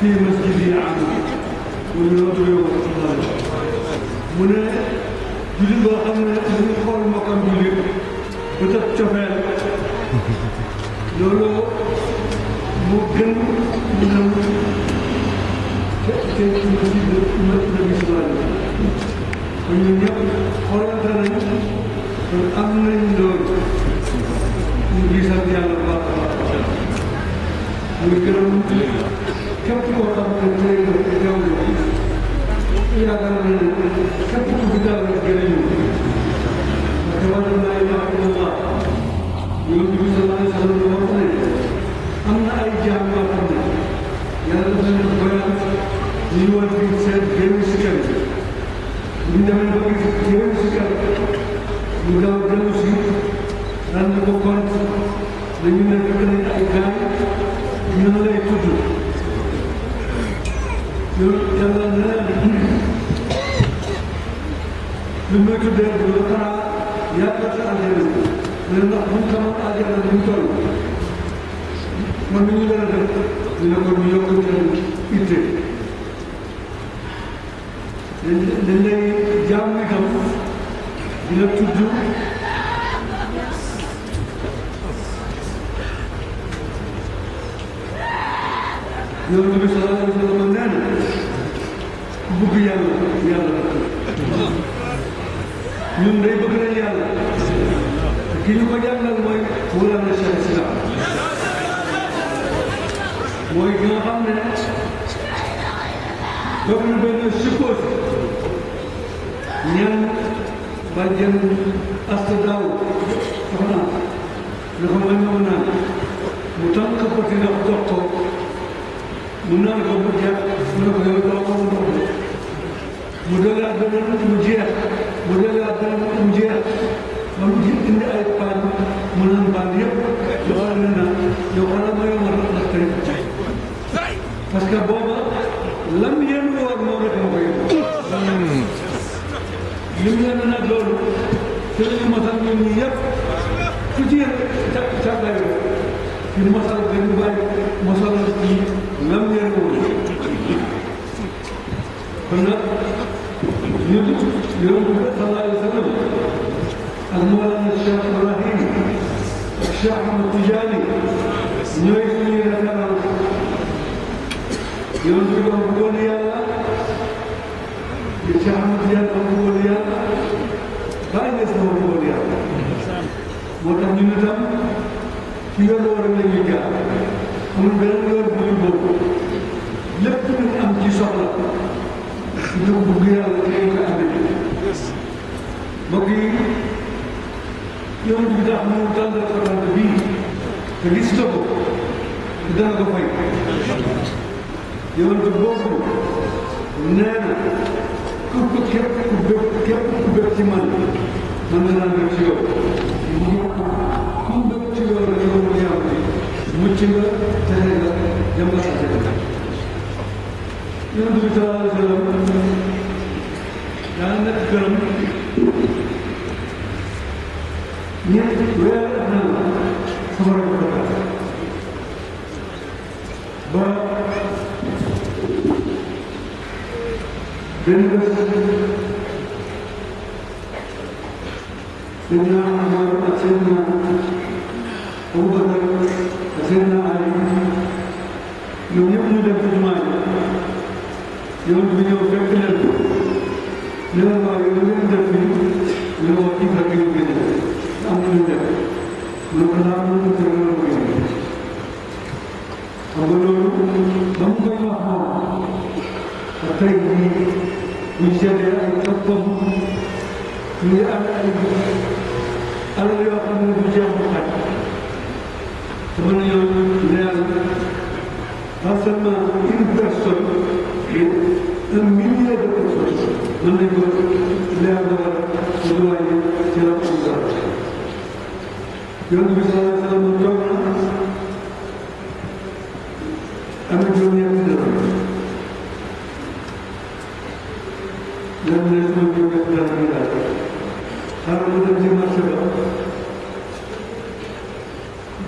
fii masjid yi am mu ne loolu yow mu ne jullit boo xam ne dañuy xool mbokkam jullit bu tëb cofeel loolu mu gën mu ne te te te te te te lu ñu dara def ñu ne kon ñu yokk leen itte dañ dañ lay jaam itam di la tudd yonent bi ci mosal gën ñu bëri mosal na ci nam leen ko wóor kon nag ñun yow sallallahu alayhi wa sallam ak Mawlana Cheikh Ibrahim ak Cheikh Ahmad Tijani ñooy suñuy référence yow ñu ko bëggoon yàlla Cheikh Ahmad Tijani ko bëggoon yàlla bàyyi na sama bëggoon yàlla moo tax ñu ne tam ci yoon woowu rek la ñuy jaar amul beneen yoon bu ñu boobu lépp lu am ci soxla ñu bugg yàlla ci lañ ko amee. mbokk yi yoon bi tax mu tàndal ko bii te gis nga ko te dana ko fay yoon bi boobu nee na ku ko képp ku bépp képp ku bépp ci man man danaa bépp ci yow. mucc nga texe nga jëm nga àjjana yonent bi sallallahu alayhi wa sallam daan nekk këram ñeent weer ak na la safara bu ko ba benn bés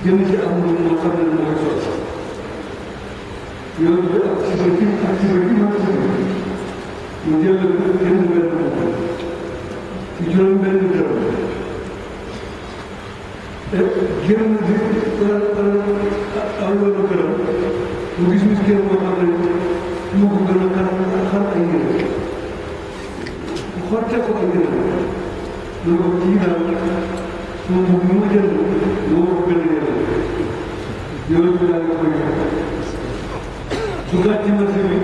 jënd ci am lu mu xam ne mooy sos yow bi ak ci bi ak ci bi ma ci mu jël jënd benn ci juróom benn dërëm te génn di am loolu gërëm mu gis ñu génn boo xam ne moo ko gën a xar xar ay yére mu xotte ko ay yére mu ko kii daal moom mu ma jënd yonent bi daal di koy su gàtti marché bi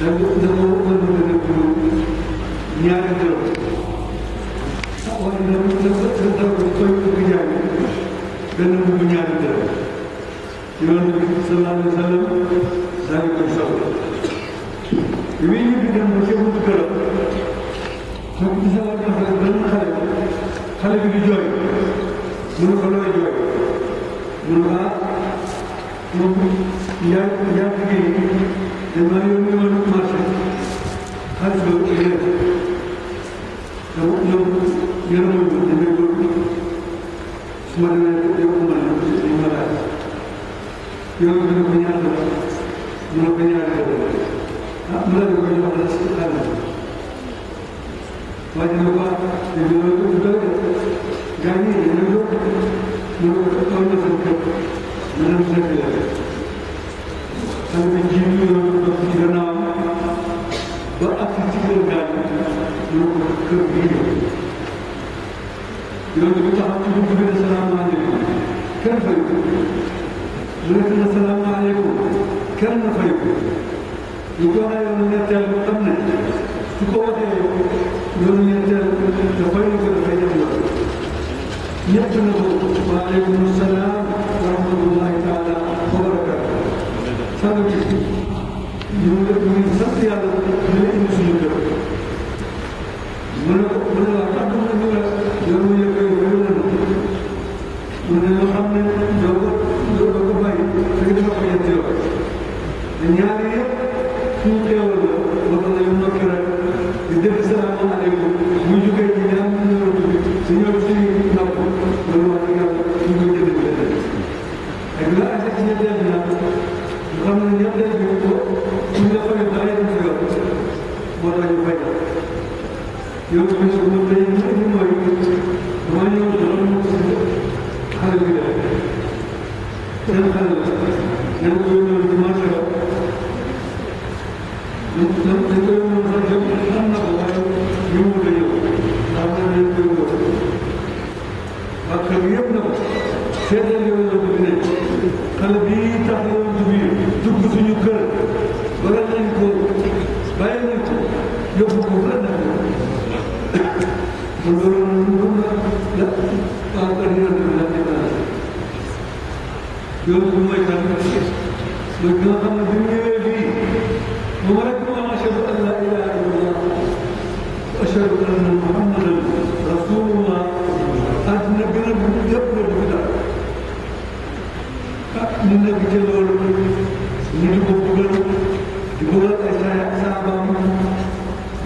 dañ ko dañ ko mën a def ñaari dërëm waaye da da da koy bëgg jaay benn bëgg ñaari dërëm yonent bi sallallahu alayhi wa sallam daal di koy soxla لما يوم المصر حسب إليه لو لو يرمي لما يقول اسم الله يوم المصر يوم من يعلم من يعلم أمر بيوم الاستقامة وإنما يقول بدر يعني يقول يقول أنا من المسجد أنا من جميع juróom bii yow dañuy taxaw ci buntu bi ne salaamaaleykum kenn fay ko lu nekk na salaamaaleykum kenn na fay ko lu ko waxee yoon ñetteel bu xam ne su ko waxee yoon ñetteel dafay ko dafay dem yoon ñett na ko waaleykum salaam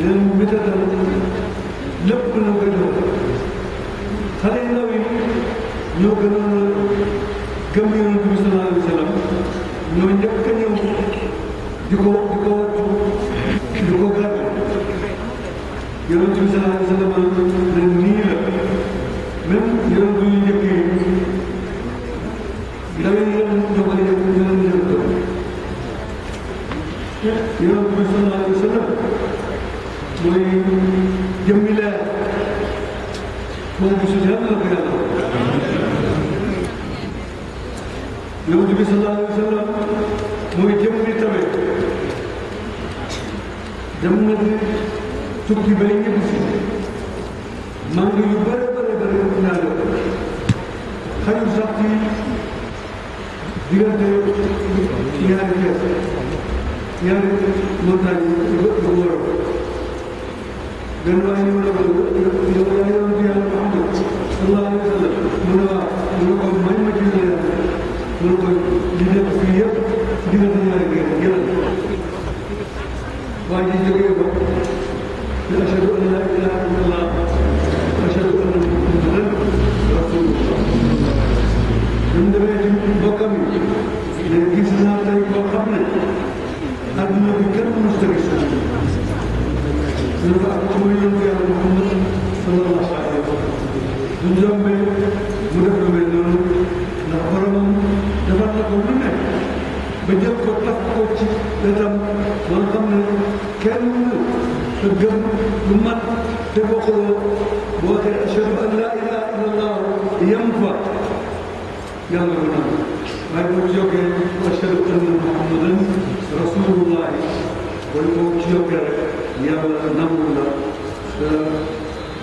Didn't waa ji jógee ko ashhadu an laa ilaaha illallaah أشهد وكان أشهد أن لا إله إلا الله ينفع يلا بنا ما يقول جوك أشهد أن محمدا رسول الله ويقول جوك يلا نمنا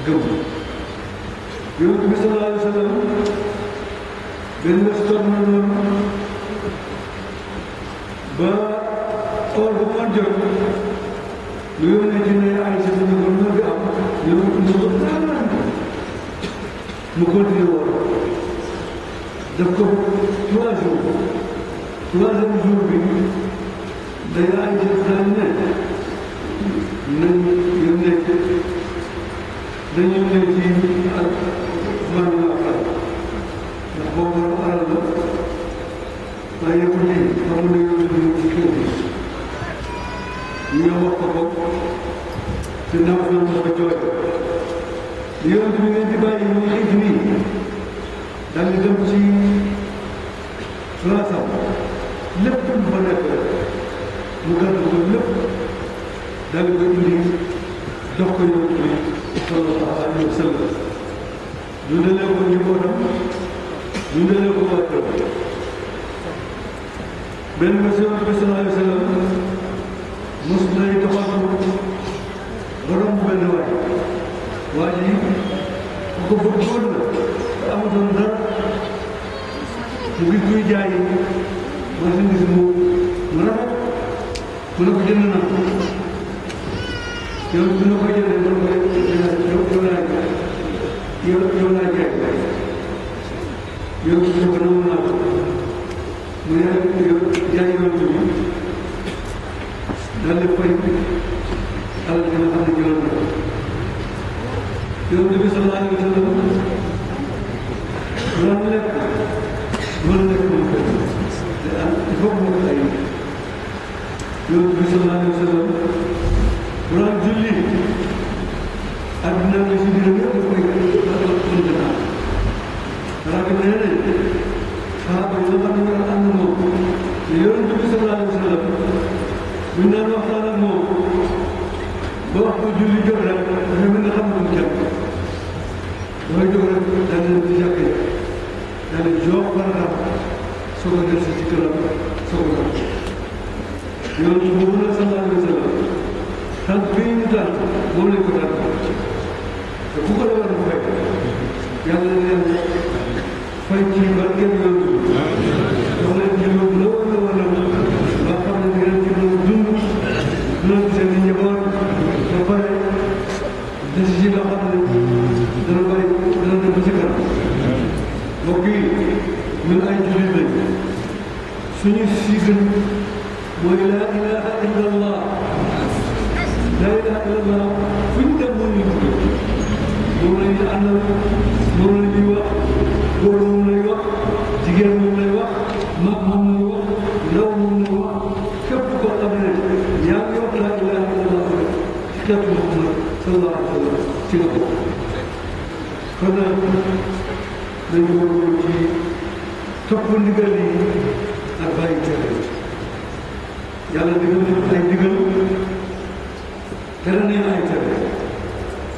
قبل يوم بسم الله dañu ay jëfandikoo ne nañu yónnee dañu yónnee ci ak man la affaire ndax boobu la alal la waaye ku ne xamu ne yow dañu ci kër yi ñoo wax ko ko te ndaw ñoom ko jooy yow bi ngeen di bàyyi ñu xëy nii daal di dem ci yàlla fay yàlla gën a xam ne jëloon na yonent bi sallallahu alayhi wa sallam loolu lekk loolu lekk moom ko te am il faut que mu ay yonent bi sallallahu alayhi wa sallam suñu sigle mooy laa ilaha illa allah laa ilaha illa allah fu ñu dem moo ñu jóge loolu lañu àndal loolu la ñuy wax góor moom lay wax jigéen moom lay wax mag moom lay wax ndaw moom lay wax képp koo xam ne yaa ngi wax laa ilaha illa allah ci xeet Muhammad sallallahu alayhi wa sallam ci la ko kon nag dañu war ci topp ndigal yi ak bàyyi tere yàlla digal nañu ay digal tere nañu ay tere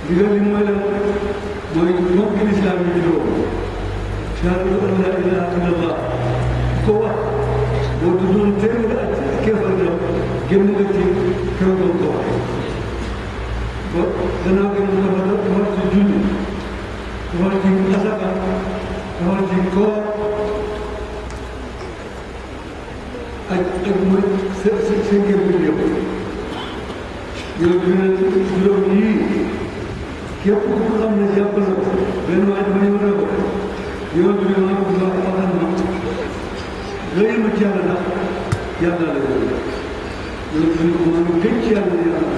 digal li mooy lan mooy mbokk lislaam yi juróom shahadatu an laa ilaaha illallah ko wax boo dundoon téeméeri at kéefar nga génn nga ci kaw doon ko waxee ba gannaaw gi dafa dafa ci julli dafa ci asaka dafa ci koor te mooy sa sa sa gémmiñ yëpp yow dina juróom yii képp ku xam ne jàpp na ko benn waay dafa ñëw ne ko yow bi ma ko wax waxal ma nga yem ci yàlla ndax yàlla la ko yow dina ko mën a gëj ci yàlla yàlla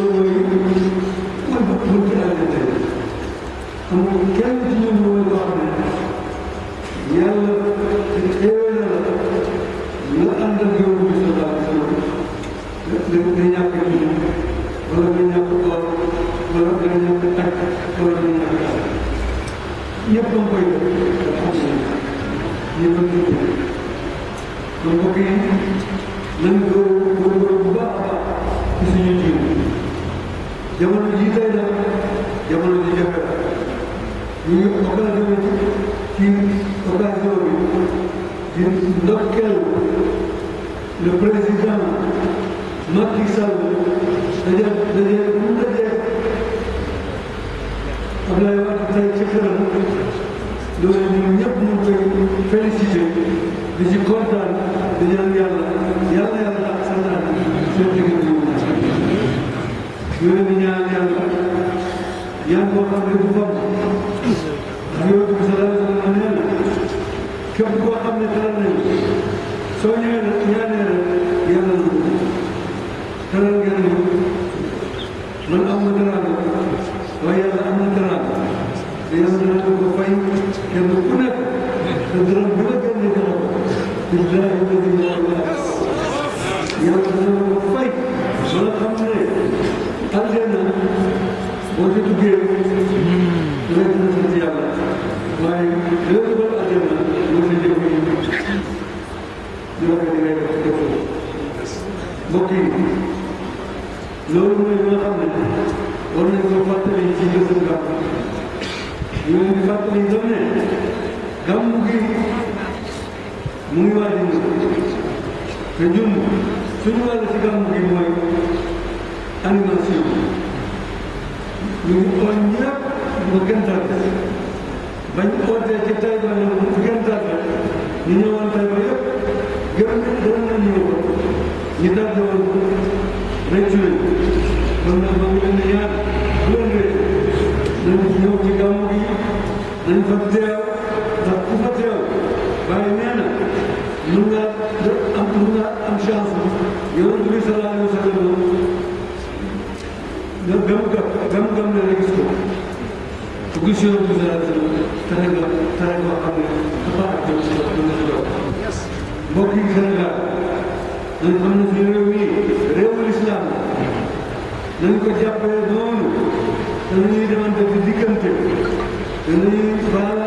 soo ñëwee ñu xam ne gis ko bu gis yoon bi dara Sénégal Sénégal boo xam ne dafa am jëm si wàllu mbokk yi Sénégal ñun xam na si réew yi réewu lislaam nañ ko jàppee noonu danañuy demante ci diggante danañuy baal